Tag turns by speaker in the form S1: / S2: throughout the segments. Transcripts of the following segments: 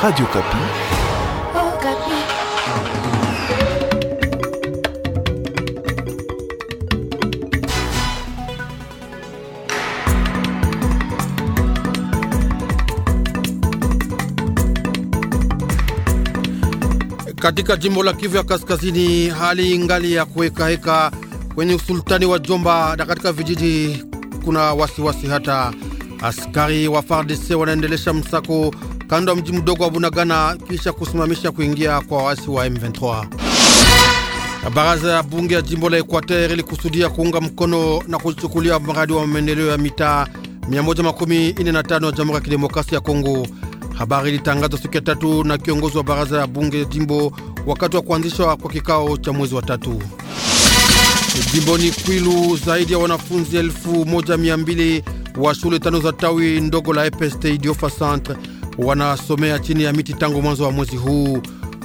S1: Radio Kapi.
S2: Oh, Kapi.
S3: Katika jimbo la Kivu ya Kaskazini, hali ngali ya kuhekaheka kwenye usultani wa Jomba na katika vijiji kuna wasiwasi wasi hata askari wa FARDC wanaendelesha msako kando ya mji mdogo wa Bunagana kisha kusimamisha kuingia kwa waasi wa M23. Baraza ya bunge ya jimbo la Equateur ilikusudia kuunga mkono na kuchukulia mradi wa maendeleo ya mitaa 145 ya Jamhuri ya Kidemokrasia ya Kongo. Habari ilitangazwa siku ya tatu na kiongozi wa baraza ya bunge jimbo wakati wa kuanzishwa kwa kikao cha mwezi wa tatu. Jimboni Kwilu, zaidi ya wanafunzi 1200 wa shule tano za tawi ndogo la EPST Idiofa Centre wanasomea chini ya miti tangu mwanzo wa mwezi huu.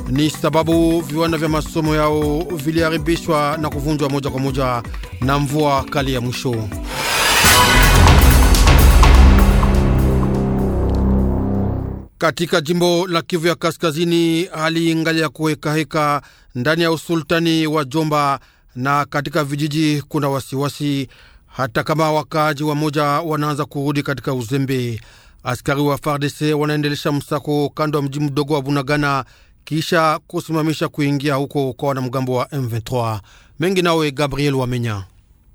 S3: Ni sababu viwanda vya masomo yao viliharibishwa na kuvunjwa moja kwa moja na mvua kali ya mwisho. Katika jimbo la Kivu ya Kaskazini, hali ingali ya kuhekaheka ndani ya usultani wa Jomba na katika vijiji kuna wasiwasi, hata kama wakaaji wa moja wanaanza kurudi katika uzembe. Askari wa FARDC wanaendelesha msako kando wa mji mdogo wa Bunagana kisha kusimamisha kuingia huko kwa wanamgambo wa M23 mengi. Nawe Gabriel Wamenya.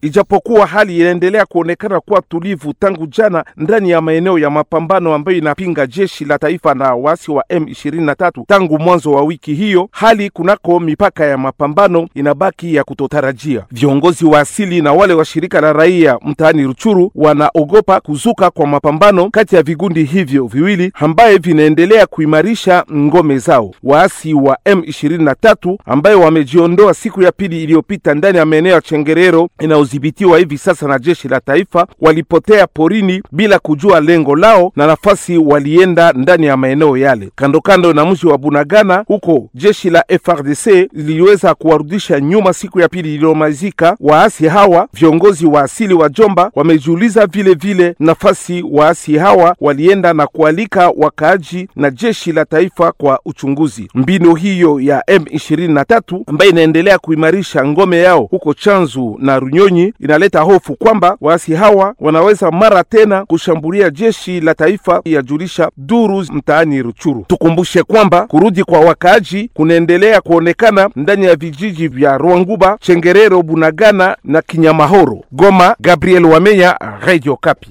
S3: Ijapokuwa hali inaendelea
S1: kuonekana kuwa tulivu tangu jana ndani ya maeneo ya mapambano ambayo inapinga jeshi la taifa na waasi wa M23 tangu mwanzo wa wiki hiyo, hali kunako mipaka ya mapambano inabaki ya kutotarajia. Viongozi wa asili na wale wa shirika la raia mtaani Ruchuru wanaogopa kuzuka kwa mapambano kati ya vigundi hivyo viwili ambaye vinaendelea kuimarisha ngome zao. Waasi wa M23 ambayo wamejiondoa siku ya pili iliyopita ndani ya maeneo ya Chengerero wanaodhibitiwa hivi sasa na jeshi la taifa walipotea porini bila kujua lengo lao na nafasi walienda ndani ya maeneo yale kando kando na mji wa Bunagana. Huko jeshi la FRDC liliweza kuwarudisha nyuma siku ya pili iliyomalizika. Waasi hawa viongozi wa asili wa Jomba wamejiuliza vile vile nafasi waasi hawa walienda na kualika wakaaji na jeshi la taifa kwa uchunguzi. Mbinu hiyo ya M23 ambayo inaendelea kuimarisha ngome yao huko Chanzu na Runyonyi nyinyi inaleta hofu kwamba waasi hawa wanaweza mara tena kushambulia jeshi la taifa, yajulisha duru mtaani Ruchuru. Tukumbushe kwamba kurudi kwa wakaaji kunaendelea kuonekana ndani ya vijiji vya Rwanguba, Chengerero, Bunagana na Kinyamahoro. Goma, Gabriel
S3: Wamenya, Radio Kapi.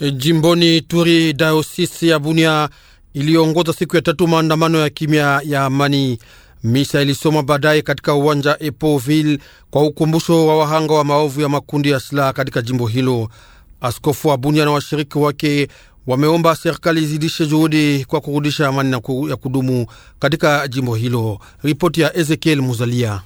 S3: E, jimboni Turi, dayosisi ya Bunia iliongoza siku ya tatu maandamano ya kimya ya amani. Misa ilisomwa baadaye katika uwanja Epoville kwa ukumbusho wa wahanga wa maovu ya makundi ya silaha katika jimbo hilo. Askofu wa Bunia na washiriki wake wameomba serikali izidishe juhudi kwa kurudisha amani ya kudumu katika jimbo hilo. Ripoti ya Ezekiel Muzalia.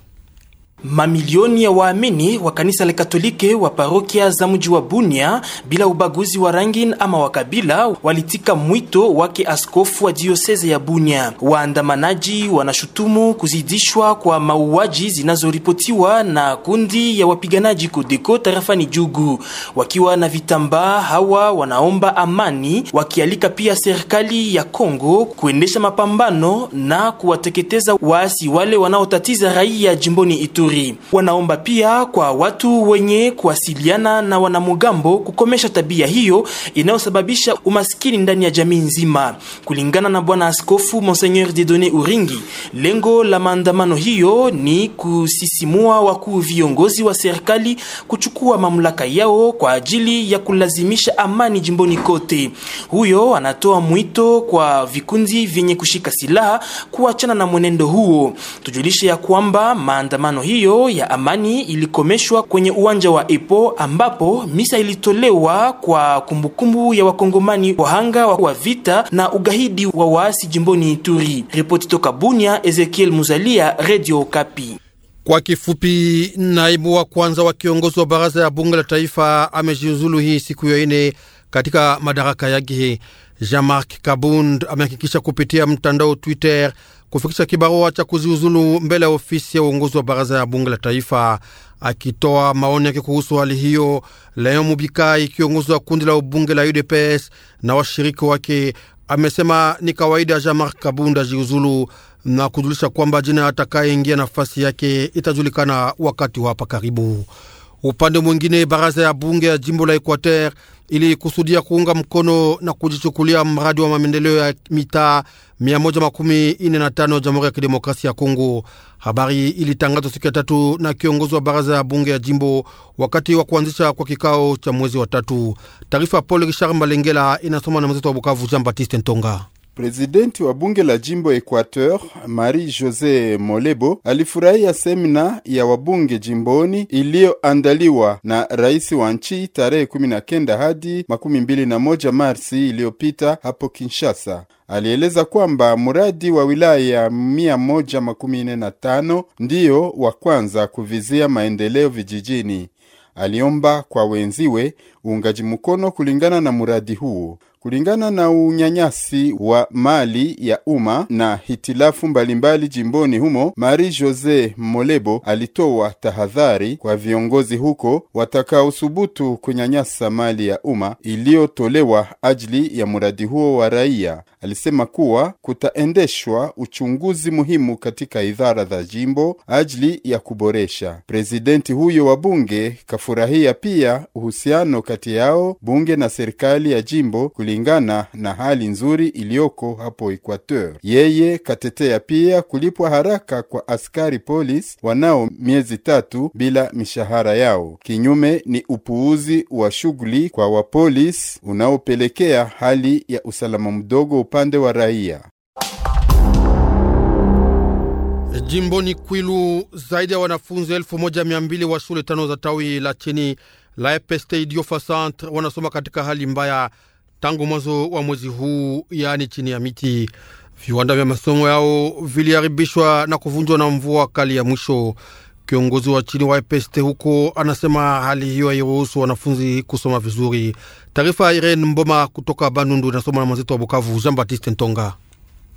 S4: Mamilioni ya waamini wa kanisa la Katolike wa parokia za mji wa Bunia bila ubaguzi wa rangi ama wa kabila walitika mwito wake askofu wa dioseze ya Bunia. Waandamanaji wanashutumu kuzidishwa kwa mauaji zinazoripotiwa na kundi ya wapiganaji Kodeko tarafani Jugu. Wakiwa na vitambaa hawa wanaomba amani, wakialika pia serikali ya Kongo kuendesha mapambano na kuwateketeza waasi wale wanaotatiza raia jimboni Ituri vizuri. Wanaomba pia kwa watu wenye kuwasiliana na wanamugambo kukomesha tabia hiyo inayosababisha umaskini ndani ya jamii nzima. Kulingana na bwana askofu Monseigneur Dieudonne Uringi, lengo la maandamano hiyo ni kusisimua wakuu viongozi wa serikali kuchukua mamlaka yao kwa ajili ya kulazimisha amani jimboni kote. Huyo anatoa mwito kwa vikundi vyenye kushika silaha kuachana na mwenendo huo. Tujulishe ya kwamba maandamano hiyo hiyo ya amani ilikomeshwa kwenye uwanja wa Epo ambapo misa ilitolewa kwa kumbukumbu ya wakongomani wahanga wa vita na ugaidi wa waasi jimboni Ituri. Ripoti toka Bunia, Ezekiel Muzalia, Radio Kapi.
S3: Kwa kifupi, naibu wa kwanza wa kiongozi wa baraza ya bunge la taifa amejiuzulu hii siku ya ine katika madaraka yake. Jean-Marc Kabund amehakikisha kupitia mtandao Twitter kufikisha kibarua cha kuziuzulu mbele ya ofisi ya uongozi wa baraza ya bunge la taifa. Akitoa maoni yake kuhusu hali hiyo, Leon Mubikai, kiongozi wa kundi la ubunge la UDPS na washiriki wake, amesema ni kawaida ya Jean-Marc Kabunda jiuzulu na kujulisha kwamba jina atakayeingia nafasi yake itajulikana wakati wa hapa karibu. Upande mwingine, baraza ya bunge ya jimbo la Equateur ilikusudia kuunga mkono na kujichukulia mradi wa maendeleo ya mitaa 145 ya Jamhuri ya Kidemokrasia ya Kongo. Habari ilitangazwa siku ya tatu na kiongozi wa baraza ya bunge ya jimbo wakati wa kuanzisha kwa kikao cha mwezi wa tatu. Taarifa ya Paul Richard Malengela inasoma na mwenzetu wa Bukavu Jean Baptiste Ntonga.
S5: Prezidenti wa bunge la jimbo Equateur Marie Jose Molebo alifurahia semina ya wabunge jimboni iliyoandaliwa na rais wa nchi tarehe 19 hadi 21 Marsi iliyopita hapo Kinshasa. Alieleza kwamba mradi wa wilaya ya 145 ndiyo wa kwanza kuvizia maendeleo vijijini. Aliomba kwa wenziwe uungaji mkono kulingana na mradi huo. Kulingana na unyanyasi wa mali ya umma na hitilafu mbalimbali jimboni humo, Marie Jose Molebo alitoa tahadhari kwa viongozi huko watakaothubutu kunyanyasa mali ya umma iliyotolewa ajili ya mradi huo wa raia. Alisema kuwa kutaendeshwa uchunguzi muhimu katika idara za jimbo ajili ya kuboresha. Presidenti huyo wa bunge kafurahia pia uhusiano kati yao bunge na serikali ya jimbo kuli kulingana na hali nzuri iliyoko hapo Equateur. Yeye katetea pia kulipwa haraka kwa askari polisi wanao miezi tatu bila mishahara yao. Kinyume ni upuuzi wa shughuli kwa wapolis unaopelekea hali ya usalama mdogo upande wa raia.
S3: Jimboni Kwilu, zaidi ya wanafunzi elfu moja mia mbili wa shule tano za tawi la chini la EPST Idiofa Centre wanasoma katika hali mbaya tangu mwanzo wa mwezi huu, yaani chini ya miti. Viwanda vya masomo yao viliharibishwa na kuvunjwa na mvua kali ya mwisho. Kiongozi wa chini wa epeste huko anasema hali hiyo hairuhusu wanafunzi kusoma vizuri. Taarifa ya Irene Mboma kutoka Bandundu inasoma na mwenzetu wa Bukavu Jean Baptiste Ntonga.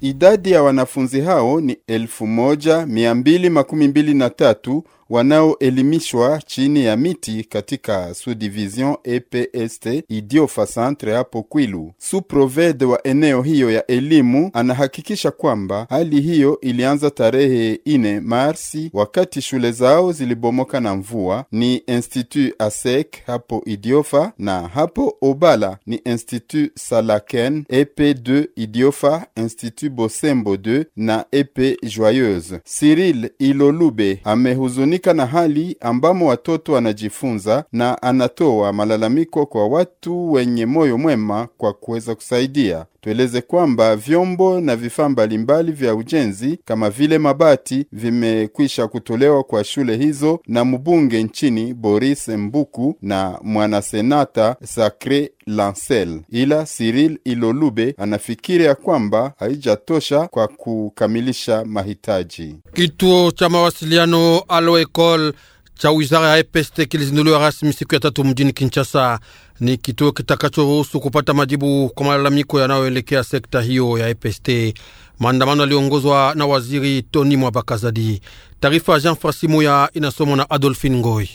S5: Idadi ya wanafunzi hao ni elfu moja mia mbili makumi mbili na tatu wanaoelimishwa chini ya miti katika sudivision EPST Idiofa Centre hapo Kwilu. Suprovede wa eneo hiyo ya elimu anahakikisha kwamba hali hiyo ilianza tarehe ine Marsi wakati shule zao zilibomoka na mvua. Ni Institut ASEC hapo Idiofa na hapo Obala ni Institut Salaken, EP2 Idiofa, Institut Bosembo 2 na EP Joyeuse. Cyril Ilolube amehuzunika anashughulika na hali ambamo watoto anajifunza na anatoa malalamiko kwa watu wenye moyo mwema kwa kuweza kusaidia. Tueleze kwamba vyombo na vifaa mbalimbali vya ujenzi kama vile mabati vimekwisha kutolewa kwa shule hizo na mbunge nchini Boris Mbuku na mwanasenata Sacre Lancel, ila Cyril Ilolube anafikiri ya kwamba haijatosha kwa kukamilisha mahitaji.
S3: Kituo cha mawasiliano Aloecol cha wizara ya EPST kilizinduliwa rasmi siku ya tatu mjini Kinshasa. Ni kituo kitakachoruhusu kupata majibu kwa malalamiko yanayoelekea sekta hiyo ya EPST. Maandamano yaliongozwa na waziri Tony Mwabakazadi. Taarifa ya Jean muya inasomwa na Adolfin Ngoi.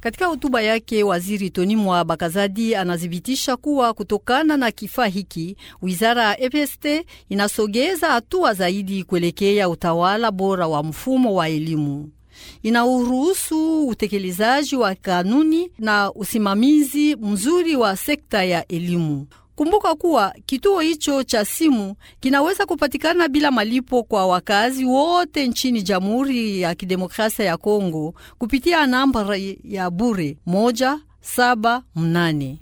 S5: Katika hotuba yake waziri Toni Mwa Bakazadi anazibitisha kuwa kutokana na kifaa hiki wizara ya EPST inasogeza hatua zaidi kuelekea utawala bora wa mfumo wa elimu. Inauruhusu utekelezaji wa kanuni na usimamizi mzuri wa sekta ya elimu. Kumbuka kuwa kituo hicho cha simu kinaweza kupatikana bila malipo kwa wakazi wote nchini Jamhuri ya Kidemokrasia ya Kongo kupitia namba ya bure 178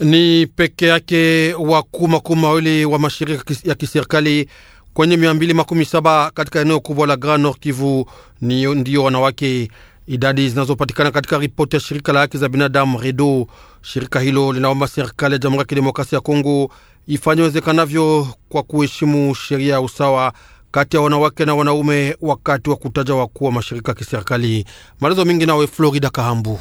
S3: ni peke yake wakuu makuu mawili wa mashirika ya kiserikali kwenye saba katika eneo kubwa la Grand Nord Kivu ni ndiyo wanawake, idadi zinazopatikana katika ripoti ya shirika la haki za binadamu REDO. Shirika hilo linaomba serikali ya Jamhuri ya Kidemokrasia ya Kongo ifanye wezekanavyo kwa kuheshimu sheria ya usawa kati ya wanawake na wanaume wakati wa kutaja wakuu wa mashirika ya kiserikali. Maelezo mingi nawe Florida Kahambu.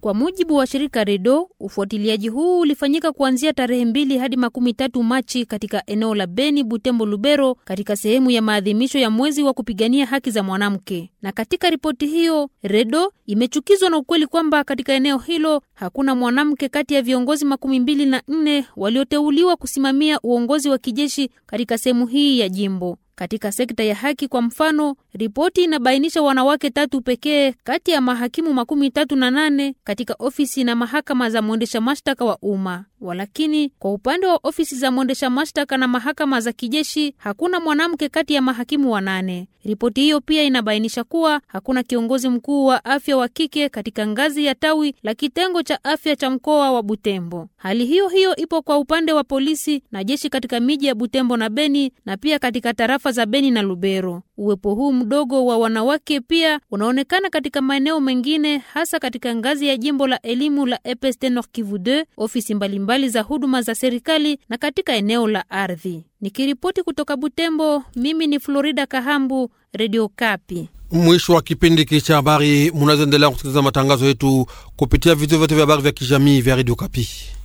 S2: Kwa mujibu wa shirika Redo, ufuatiliaji huu ulifanyika kuanzia tarehe mbili hadi makumi tatu Machi katika eneo la Beni, Butembo, Lubero, katika sehemu ya maadhimisho ya mwezi wa kupigania haki za mwanamke. Na katika ripoti hiyo, Redo imechukizwa na ukweli kwamba katika eneo hilo hakuna mwanamke kati ya viongozi makumi mbili na nne walioteuliwa kusimamia uongozi wa kijeshi katika sehemu hii ya jimbo. Katika sekta ya haki kwa mfano, ripoti inabainisha wanawake tatu pekee kati ya mahakimu makumi tatu na nane katika ofisi na mahakama za mwendesha mashtaka wa umma. Walakini kwa upande wa ofisi za mwendesha mashtaka na mahakama za kijeshi hakuna mwanamke kati ya mahakimu wanane. Ripoti hiyo pia inabainisha kuwa hakuna kiongozi mkuu wa afya wa kike katika ngazi ya tawi la kitengo cha afya cha mkoa wa Butembo. Hali hiyo hiyo ipo kwa upande wa polisi na jeshi katika miji ya Butembo na Beni na pia katika tarafa za Beni na Lubero. Uwepo huu mdogo wa wanawake pia unaonekana katika maeneo mengine, hasa katika ngazi ya jimbo la elimu la EPST Nord Kivu 2 ofisi mbalimbali mbalimbali za huduma za serikali na katika eneo la ardhi. Nikiripoti kutoka Butembo, mimi ni Florida Kahambu, Radio Kapi.
S3: Mwisho wa kipindi hiki cha habari, munazoendelea kusikiliza matangazo yetu kupitia vituo vyote vya habari vya kijamii vya Radio Kapi.